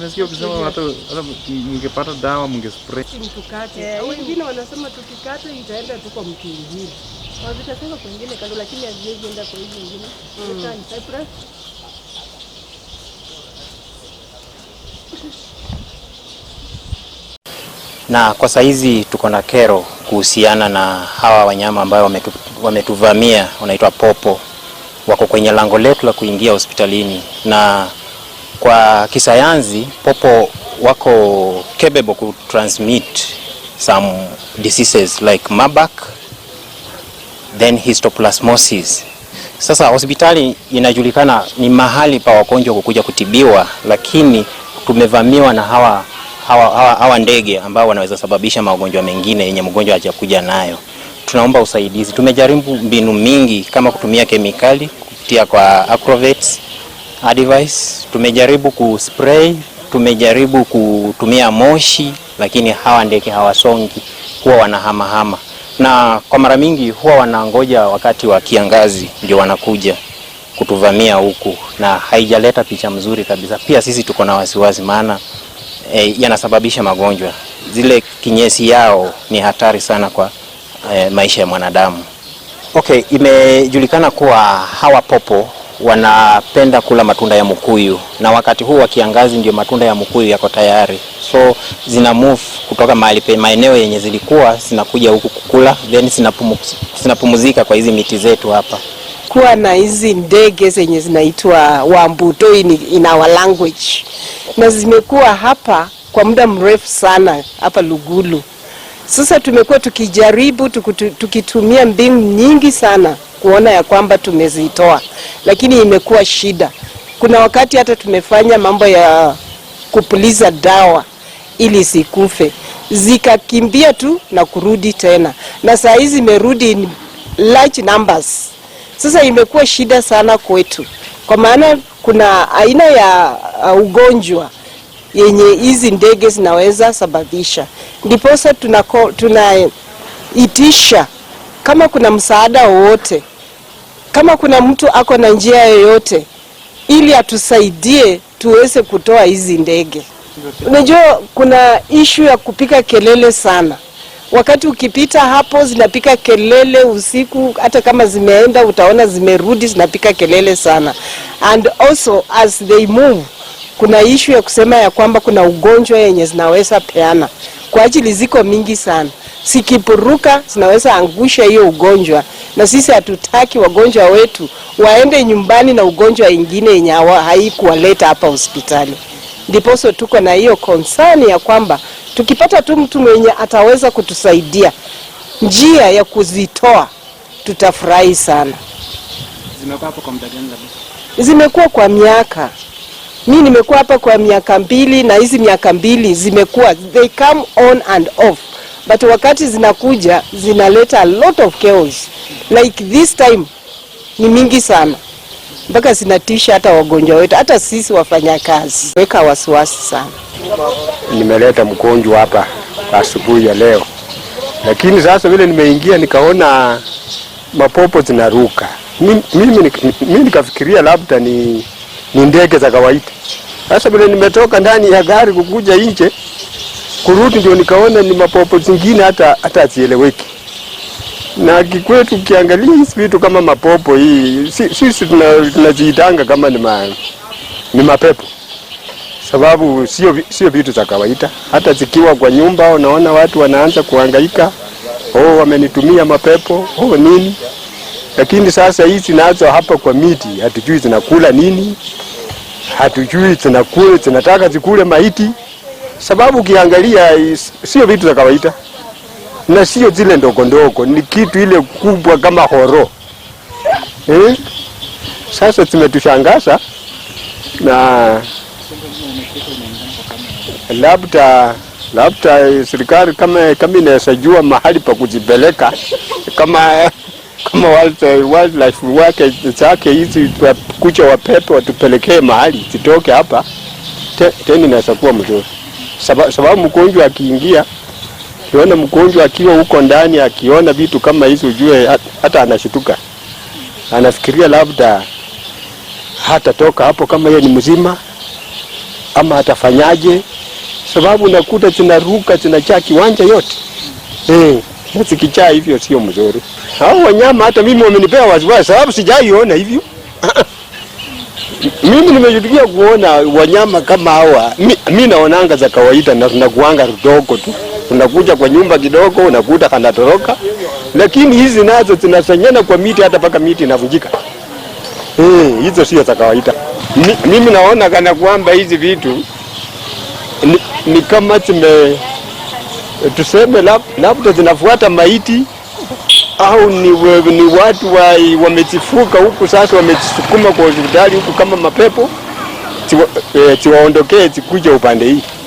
Nasikia ukisema hata dawa mngespray. Eh, wengine wanasema tukikata itaenda tu kwa mtu mwingine. kwingine kando, lakini haziwezi enda kwa hmm. ni Cyprus. Na kwa saizi tuko na kero kuhusiana na hawa wanyama ambao wametu, wametuvamia wanaitwa popo. Wako kwenye lango letu la kuingia hospitalini, na kwa kisayansi popo wako capable ku transmit some diseases like mabak then histoplasmosis. Sasa hospitali inajulikana ni mahali pa wagonjwa kukuja kutibiwa, lakini tumevamiwa na hawa hawa, hawa, hawa ndege ambao wanaweza sababisha magonjwa mengine yenye mgonjwa hajakuja nayo. Tunaomba usaidizi. Tumejaribu mbinu mingi kama kutumia kemikali kupitia kwa Acrovet Advice, tumejaribu kuspray, tumejaribu kutumia moshi, lakini hawa ndege hawasongi, huwa wanahamahama na kwa mara mingi huwa wanangoja wakati wa kiangazi ndio wanakuja kutuvamia huku, na haijaleta picha mzuri kabisa. Pia sisi tuko na wasiwasi maana e, yanasababisha magonjwa. Zile kinyesi yao ni hatari sana kwa e, maisha ya mwanadamu. Okay, imejulikana kuwa hawa popo wanapenda kula matunda ya mkuyu na wakati huu wa kiangazi ndio matunda ya mkuyu yako tayari, so zina move kutoka mahali pe maeneo yenye zilikuwa zinakuja huku kukula, then zinapumzika kwa hizi miti zetu hapa. Kuwa na hizi ndege zenye zinaitwa wambutoi in our language na zimekuwa hapa kwa muda mrefu sana hapa Lugulu. Sasa tumekuwa tukijaribu tukutu, tukitumia mbinu nyingi sana kuona ya kwamba tumezitoa, lakini imekuwa shida. Kuna wakati hata tumefanya mambo ya kupuliza dawa ili zikufe, zikakimbia tu na kurudi tena, na saa hizi imerudi in large numbers. Sasa imekuwa shida sana kwetu, kwa maana kuna aina ya uh, ugonjwa yenye hizi ndege zinaweza sababisha. Ndiposa tunaitisha kama kuna msaada wowote, kama kuna mtu ako na njia yoyote, ili atusaidie tuweze kutoa hizi ndege. Unajua, kuna ishu ya kupika kelele sana. Wakati ukipita hapo zinapika kelele usiku, hata kama zimeenda utaona zimerudi, zinapika kelele sana and also as they move kuna ishu ya kusema ya kwamba kuna ugonjwa yenye zinaweza peana kwa ajili ziko mingi sana, sikipuruka zinaweza angusha hiyo ugonjwa, na sisi hatutaki wagonjwa wetu waende nyumbani na ugonjwa ingine yenye haikuwaleta hapa hospitali. Ndiposo tuko na hiyo konsani ya kwamba tukipata tu mtu mwenye ataweza kutusaidia njia ya kuzitoa, tutafurahi sana. Zimekuwa kwa miaka Mi nimekuwa hapa kwa miaka mbili na hizi miaka mbili zimekuwa they come on and off, but wakati zinakuja zinaleta a lot of chaos like this time, ni mingi sana mpaka zinatisha hata wagonjwa wetu, hata sisi wafanya kazi, weka wasiwasi sana. Nimeleta mgonjwa hapa asubuhi ya leo, lakini sasa vile nimeingia nikaona mapopo zinaruka, mimi nikafikiria labda ni ni ndege za kawaida. Sasa vile nimetoka ndani ya gari kukuja nje kurudi, ndio nikaona ni mapopo zingine hata hata azieleweki. Na kikwetu kiangalia hizi vitu kama mapopo hii, sisi tunaziitanga kama ni, ma, ni mapepo sababu sio sio vitu za kawaida. Hata zikiwa kwa nyumba, unaona watu wanaanza kuhangaika, oh, wamenitumia mapepo oh, nini lakini sasa hizi nazo hapa kwa miti hatujui zinakula nini, hatujui zinakula zinataka zikule maiti, sababu ukiangalia sio vitu za kawaida na sio zile ndogo ndogo, ni kitu ile kubwa kama horo eh? Sasa zimetushangaza na labda labda serikali kama kama inaweza jua mahali pa kuzipeleka kama kama wildlife wake zake hizi kucha wa pepe watupelekee mahali zitoke hapa te, tena inaweza kuwa mzuri Saba, sababu mgonjwa akiingia kiona mgonjwa akiwa huko ndani akiona vitu kama hizi ujue hata anashituka, anafikiria labda hatatoka hapo kama yeye ni mzima ama atafanyaje sababu nakuta zinaruka zinajaa kiwanja yote eh Kiasi kichaa hivyo sio mzuri. Hao wanyama hata mimi wamenipea wasiwasi sababu sijaiona hivyo. Mimi nimejitikia kuona wanyama kama hawa. Mimi naonanga za kawaida na tunakuanga kidogo tu. Tunakuja kwa nyumba kidogo unakuta kanatoroka. Lakini hizi nazo zinasanyana kwa miti hata paka miti inavunjika. Eh, hizo sio za kawaida. Mimi naona kana kwamba hizi vitu ni, ni kama tume Eh, tuseme lab, labda zinafuata maiti au ni, ni watu wa, wamechifuka huku sasa wamejisukuma kwa hospitali huku kama mapepo, eh, tiwaondokee tiwa zikuja upande hii.